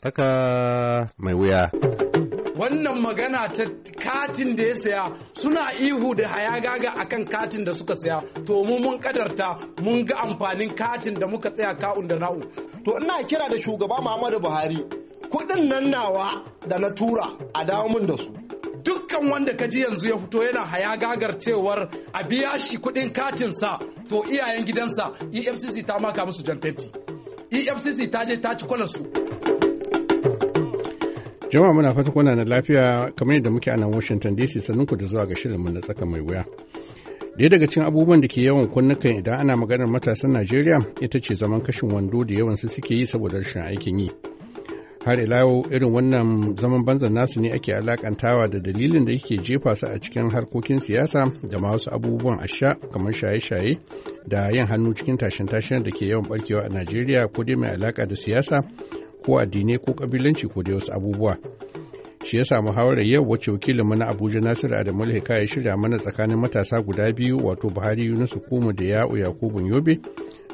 Tsaka mai wuya. Wannan magana ta katin da ya saya suna ihu da hayagaga akan katin da suka saya to mu mun kadarta mun ga amfanin katin da muka tsaya ka'un da na'u. To ina kira da shugaba Muhammadu Buhari kuɗin nan nawa da na tura a dawo da su. dukkan wanda ka ji yanzu ya fito yana hayagagar cewar a biya shi kudin katinsa to iyayen gidansa efcc ta maka musu jan fenti efcc ta je ta ci kwalarsu Jama'a muna fata kuna na lafiya kamar yadda muke a nan Washington DC sannan ku da zuwa ga shirinmu na tsaka mai wuya. Daya daga cikin abubuwan da ke yawan kunnukan idan ana maganar matasan Najeriya ita ce zaman kashin wando da yawan su suke yi saboda rashin aikin yi. Har ila yau irin wannan zaman banzan nasu ne ake alakantawa da dalilin da yake jefa su a cikin harkokin siyasa da ma wasu abubuwan asha kamar shaye-shaye da yin hannu cikin tashin-tashin da ke yawan barkewa a Najeriya ko dai mai alaka da siyasa ko addinai ko kabilanci ko da wasu abubuwa shi ya samu hawarar yau wacce wakilin na abuja nasiru adamu ya shirya mana tsakanin matasa guda biyu wato buhari yunusu kuma da ya'u Yakubu yobe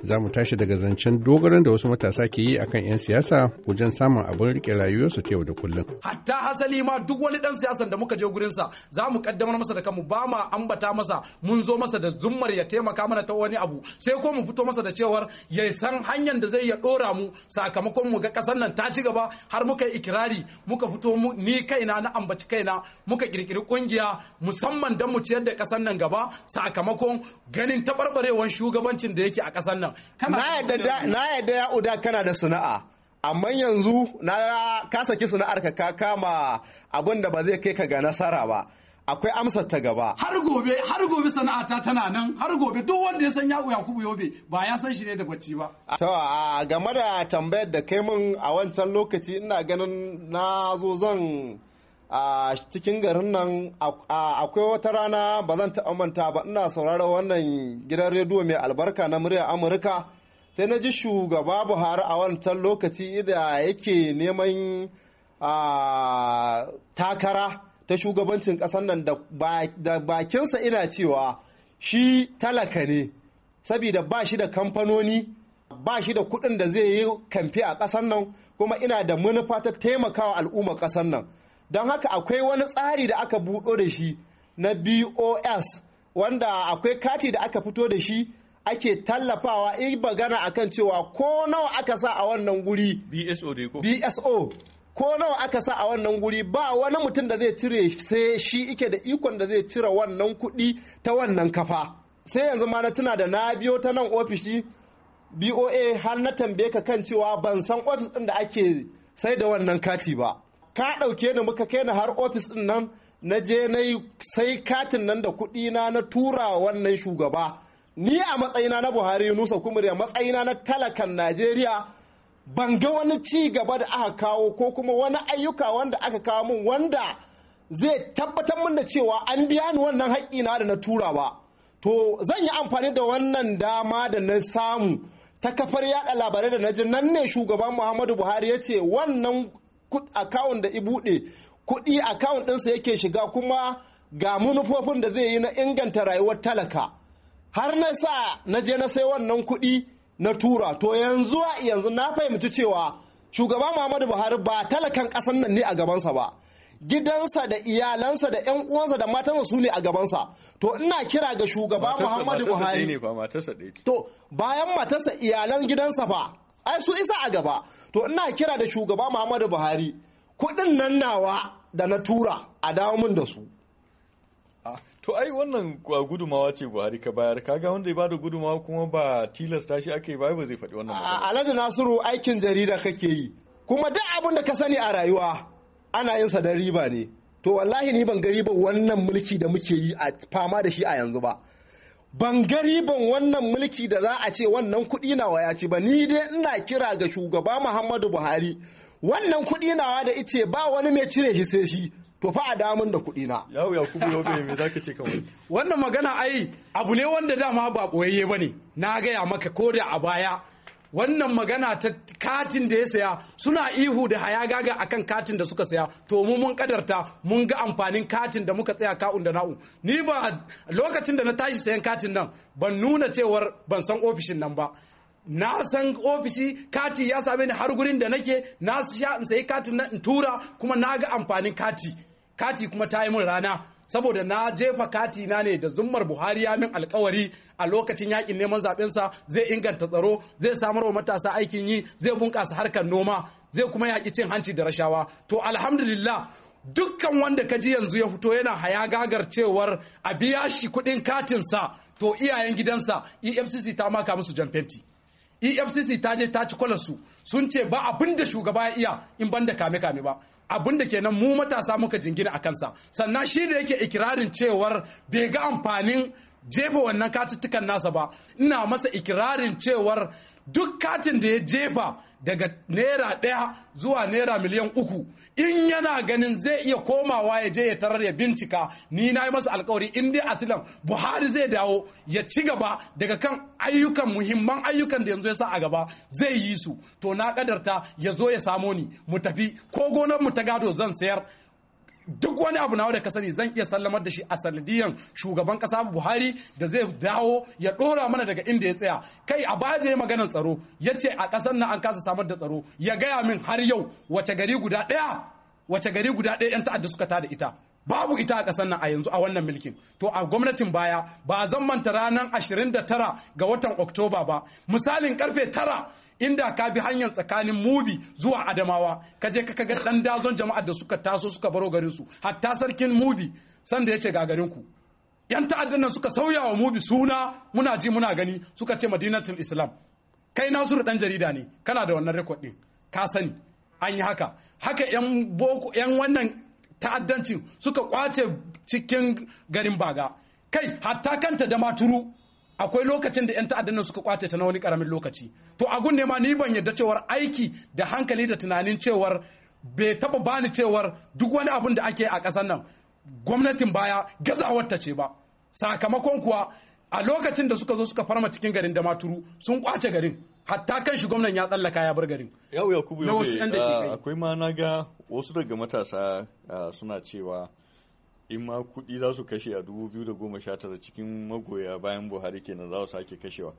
za mu tashi daga zancen dogaran da wasu matasa ke yi akan 'yan siyasa wajen samun abin rike rayuwarsu ta yau da kullum. Hatta hasali ma duk wani dan siyasan da muka je gurinsa za mu kaddamar masa da kanmu ba ma ambata masa mun zo masa da zummar ya taimaka mana ta wani abu sai ko mu fito masa da cewar ya san hanyar da zai ya dora mu sakamakon mu ga kasar nan ta ci gaba har muka yi ikirari muka fito mu ni kaina na ambaci kaina muka kirkiri kungiya musamman don mu ciyar da kasar nan gaba sakamakon ganin tabarbarewar shugabancin da yake a kasar nan. wannan. na yadda ya uda kana da sana'a amma yanzu na ka saki sana'ar ka kama abin da ba zai kai ka ga nasara ba akwai amsar ta gaba har gobe har gobe sana'ata tana nan har gobe duk wanda ya san uya kubu yobe ba ya san shi ne da bacci ba to a game da tambayar da kai min a wancan lokaci ina ganin na zo zan a cikin garin nan akwai wata rana ba zan taɓa manta ba ina sauraron wannan gidan rediyo mai albarka na muryar amurka sai na ji shugaba buhari a wancan lokaci da yake neman takara ta shugabancin ƙasar nan da bakinsa ina cewa shi talaka ne saboda ba shi da kamfanoni ba shi da kuɗin da zai yi kamfe a ƙasar nan kuma ina da manufa ta taimakawa al'ummar ƙasar nan don haka akwai wani tsari da aka buɗo da shi na bos wanda akwai kati da aka fito da shi ake tallafawa in bagana akan cewa ko nawa aka sa a wannan guri bso ko nawa aka sa a wannan guri ba wani mutum da zai cire sai shi ike da ikon da zai cire wannan kuɗi ta wannan kafa sai yanzu ma na tuna da na biyo ta nan ofishi boa har na tambaye ka kan cewa ban san ofis ɗin da ake sai da wannan kati ba ka ɗauke ni muka kai ni har ofis ɗin nan na je na sai katin nan da kuɗi na na tura wannan shugaba ni a matsayina na buhari yunusa kumuri a matsayina na talakan najeriya ban ga wani ci gaba da aka kawo ko kuma wani ayyuka wanda aka kawo min wanda zai tabbatar mun da cewa an biya ni wannan haƙƙi na da na tura ba to zan yi amfani da wannan dama da na samu ta kafar yada labarai da na ji nan ne shugaban muhammadu buhari ya ce wannan akawun da ibuɗe kuɗi akawun ɗinsa yake shiga kuma ga manufofin da zai yi na inganta rayuwar talaka har na sa na je na sai wannan kuɗi na tura to yanzu yanzu na fahimci cewa shugaba muhammadu buhari ba talakan ƙasar nan ne a gabansa ba gidansa da iyalansa da 'yan uwansa da matansa su ne a gabansa to ina kira ga shugaba muhammadu buhari to bayan matarsa iyalan gidansa fa ai su isa a gaba to ina kira da shugaba muhammadu buhari kuɗin nan nawa da na tura a dawo min da su ah, to ai wannan gudumawa ce buhari ka bayar kaga wanda ya bada gudumawa kuma ba tilasta shi ake ba ba zai faɗi wannan a alhaji nasiru aikin jarida kake yi kuma duk abin da ka sani a rayuwa ana yin sa da riba ne to wallahi ni ban gari ba wannan mulki da muke yi a fama da shi a yanzu ba ban gariban wannan mulki da za a ce wannan kuɗi nawa ya ci ba ni dai ina kira ga shugaba muhammadu buhari wannan kuɗi nawa da ice ba wani mai cire shi sai shi to fa a damun da kuɗi na yau ya kuma yau za ka ce kawai wannan magana ai abu ne wanda dama ba koyayye ne na gaya maka ko da a baya wannan magana ta katin da ya saya suna ihu da hayagaga akan katin da suka saya to mu mun kadarta mun ga amfanin katin da muka tsaya ka'un da na'u ni ba lokacin da na tashi sayan katin nan ban nuna cewar ban san ofishin nan ba na san ofishi kati ya same ni har gurin da nake na sha in sayi katin nan in tura kuma na ga amfanin kati kati kuma ta yi min rana saboda na jefa kati na ne da zummar Buhari ya min alkawari a lokacin yakin neman zaben sa zai inganta tsaro zai samar wa matasa aikin yi zai bunƙasa harkar noma zai kuma yaki cin hanci da rashawa to alhamdulillah dukkan wanda ka ji yanzu ya fito yana haya gagar cewar a biya shi kuɗin katinsa to iyayen gidansa efcc ta maka musu jan fenti efcc ta je ta ci kwalarsu sun ce ba abin da shugaba ya iya in ban da kame-kame ba abin da kenan mu matasa muka jingina a kansa sannan shi da yake ikirarin cewar bai ga amfanin jefa wannan katuttukan nasa ba ina masa ikirarin cewar duk katin da ya jefa daga naira ɗaya zuwa naira miliyan uku in yana ganin zai iya komawa ya je ya tarar ya bincika ni na yi masa alkawari in dai asilan buhari zai dawo ya ci gaba daga kan ayyukan muhimman ayyukan da yanzu ya sa a gaba zai yi su to na kadarta ya zo ya samo ni mu tafi ko gonar mu ta gado zan sayar duk wani abu nawa da ka sani zan iya sallamar da shi a sanadiyan shugaban kasa Buhari da zai dawo ya dora mana daga inda ya tsaya kai a baya da ya maganar tsaro ya ce a kasar nan an kasa samar da tsaro ya gaya min har yau wace gari guda ɗaya wace gari guda daya yan ta'adda suka tada ita babu ita a ƙasar nan a yanzu a wannan mulkin to a gwamnatin baya ba zan manta ranar 29 ga watan oktoba ba misalin karfe tara inda ka bi hanyar tsakanin mubi zuwa adamawa ka je ka ga dan dazon jama'ar da suka taso suka baro garin su hatta sarkin mubi sanda yace yace ga garin ku yan ta'addan nan suka sauya wa mubi suna muna ji muna gani suka ce madinatul islam kai nasiru dan jarida ne kana da wannan record din ka sani an yi haka haka yan boko yan wannan ta'addanci suka kwace cikin garin baga kai hatta kanta da maturu akwai lokacin da 'yan ta'addan suka kwace ta na wani karamin lokaci to agun ne ma ni ban yarda cewar aiki da hankali da tunanin cewar bai taba bani cewar duk wani abun da ake a ƙasar nan gwamnatin baya gazawar ta ce ba sakamakon kuwa a lokacin da suka zo suka farma cikin garin damaturu sun kwace garin hatta kan shi gwamnan ya tsallaka ya bar garin yau ya kubu ah, akwai ma na ga wasu daga matasa ah, suna cewa in ma kuɗi za su kashe a da tara, cikin magoya bayan buhari kenan za su sake kashewa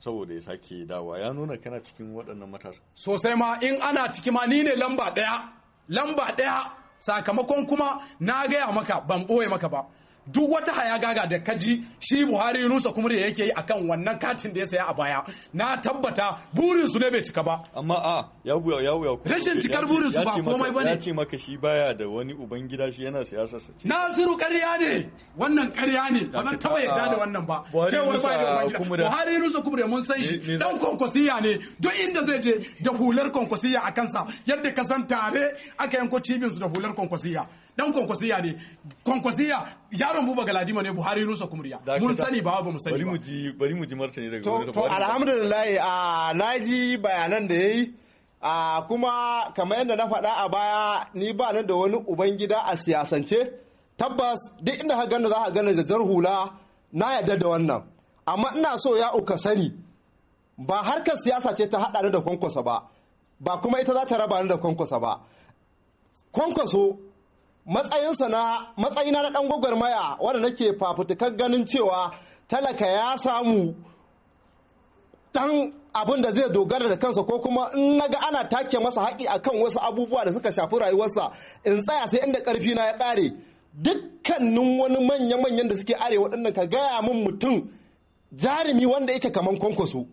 saboda ya sake dawa ya nuna kana cikin waɗannan matasa sosai ma in ana ciki ma ni ne lamba ɗaya lamba ɗaya sakamakon kuma na gaya maka ban ɓoye maka ba duk wata hayagaga da kaji shi Buhari Yunusa kuma da yake yi akan wannan katin da ya saya a baya na tabbata burin su ne bai cika ba amma a ah, ya buya ya buya rashin cikar burin su ba komai bane ya ce maka shi baya da wani uban gida shi yana siyasa sa ce Nasiru ƙarya ne wannan ƙarya ne ba zan taba yarda ah, da wannan ba cewar ba da ubangida. Buhari Yunusa kuma mun san shi dan konkosiya ne duk inda zai je da hular konkosiya a kansa yadda ka san tare aka yanko cibin su da hular konkosiya. dan kwankwasiya ne kwankwasiya yaron buba galadima ne buhari nusa kumriya mun sani ba ba mu sani bari mu ji bari mu ji martani daga wani to alhamdulillah a naji bayanan da yayi a kuma kamar yadda na faɗa a baya ni ba nan da wani uban gida a siyasance tabbas duk inda ka gana za ka gana da hula na yadda da wannan amma ina so ya uka sani ba harkar siyasa ce ta haɗa ni da kwankwasa ba ba kuma ita za ta raba ni da kwankwasa ba kwankwaso matsayinsa na matsayina na ɗan gwagwarmaya wanda nake fafutukar ganin cewa talaka ya samu ɗan abin da zai dogara da kansa ko kuma in naga ana take masa haƙi akan wasu abubuwa da suka shafi rayuwarsa in tsaya sai inda ƙarfi na ya ƙare dukkanin wani manya-manyan da suke arewa waɗannan ka gaya min mutum jarumi wanda yake kaman kwankwaso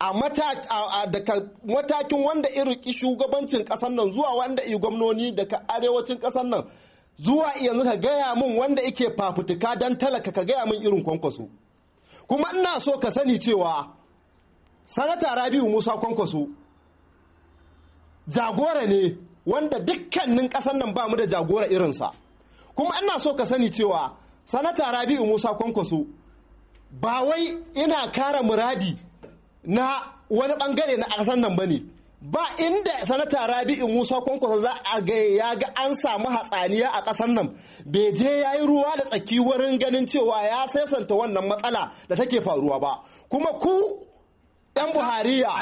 a matakin wanda iri shugabancin ƙasar nan zuwa wanda iya gwamnoni daga arewacin ƙasar nan zuwa yanzu ka gaya min wanda yake fafutuka don talaka ka gaya min irin kwankwaso kuma ina so ka sani cewa sanata rabiu musa kwankwaso jagora ne wanda dukkanin ƙasar nan ba mu da jagora irinsa kuma ina so ka sani cewa sanata rabiu musa kwankwaso ba wai ina kara muradi na wani bangare na ƙasar nan ba ne ba inda sanata rabi'u musa kwankwasa za a ga ya ga an samu hatsaniya a ƙasar nan bai je ya yi ruwa da tsaki wurin ganin cewa ya saisanta wannan matsala da take faruwa ba kuma ku 'yan buhariya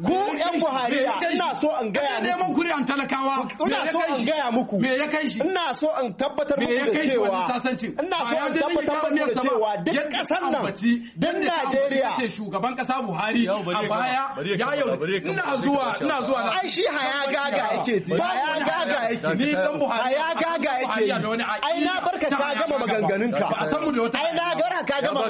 ku 'yan buhariya ina so in gaya muku talakawa ina so in gaya muku me ya kai shi ina so in tabbatar muku da cewa ina so in tabbatar muku da cewa duk kasar nan duk Najeriya ce shugaban kasa Buhari a baya ya yau ina zuwa ina zuwa ai shi haya gaga yake ti haya gaga yake ni dan Buhari haya gaga yake ai na barka ka gama maganganun ka ai na gara ka gama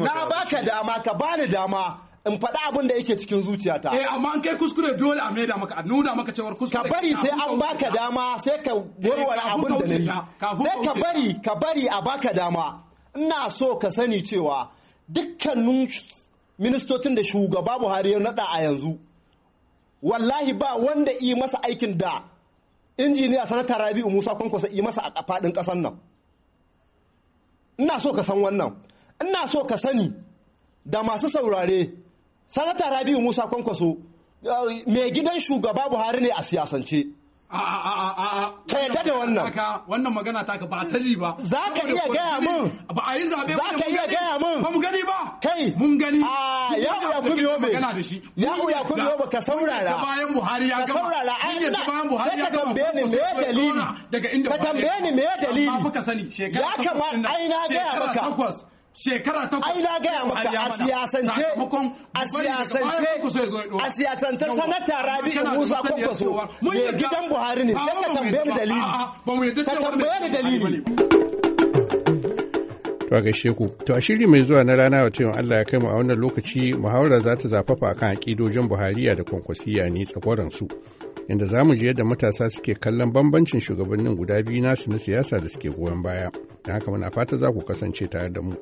na baka dama ka bani dama in faɗi abin da yake cikin zuciyata. Eh amma an kai kuskure dole a maida maka a nuna maka cewar kuskure. Ka bari sai an baka dama sai ka warware eh, abin da nayi. Sai ka bari ka bari a baka dama. Ina so ka sani cewa dukkanin ministocin da shugaba Buhari ya nada a yanzu wallahi ba wanda yi masa aikin da injiniya sanata Rabi'u Musa Kwankwasa yi masa a faɗin kasar nan. Ina so ka san wannan. Ina so ka sani da masu saurare sanata rabiu musa kwankwaso uh, mai gidan shugaba buhari ne a siyasance ka yadda da wannan wannan magana ta ka ba ta ji ba za ka iya gaya mun ba a yi zaɓe za ka iya gaya mun ba mu gani ba kai mun gani a ya uya kubi obe ya uya kubi obe ka saurara bayan buhari ya gama ka saurara ai ina sai ka tambaye ni me dalili ka tambaye ni me dalili ya kama ai na gaya maka shekara ta ai na gaya maka a siyasance a siyasance a siyasance sanata rabi'u musa kwankwaso mai gidan buhari ne sai ka tambaye ni dalili ka tambaye ni dalili to ga sheku, to a shiri mai zuwa na rana wata yin Allah ya kai mu a wannan lokaci muhawara za ta zafafa kan akidojin Buhariya da kwankwasiya ne tsakwaran su inda za mu je yadda matasa suke kallon bambancin shugabannin guda biyu nasu na siyasa da suke goyon baya da haka muna fata za ku kasance tare da mu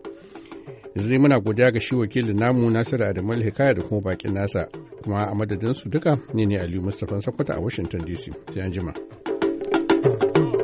yanzu muna godiya ga shi wakilin namu nasiru adamal hikaya da kuma bakin nasa kuma a madadinsu duka ne ne aliyu mustapha sakwata a washington dc sai an jima.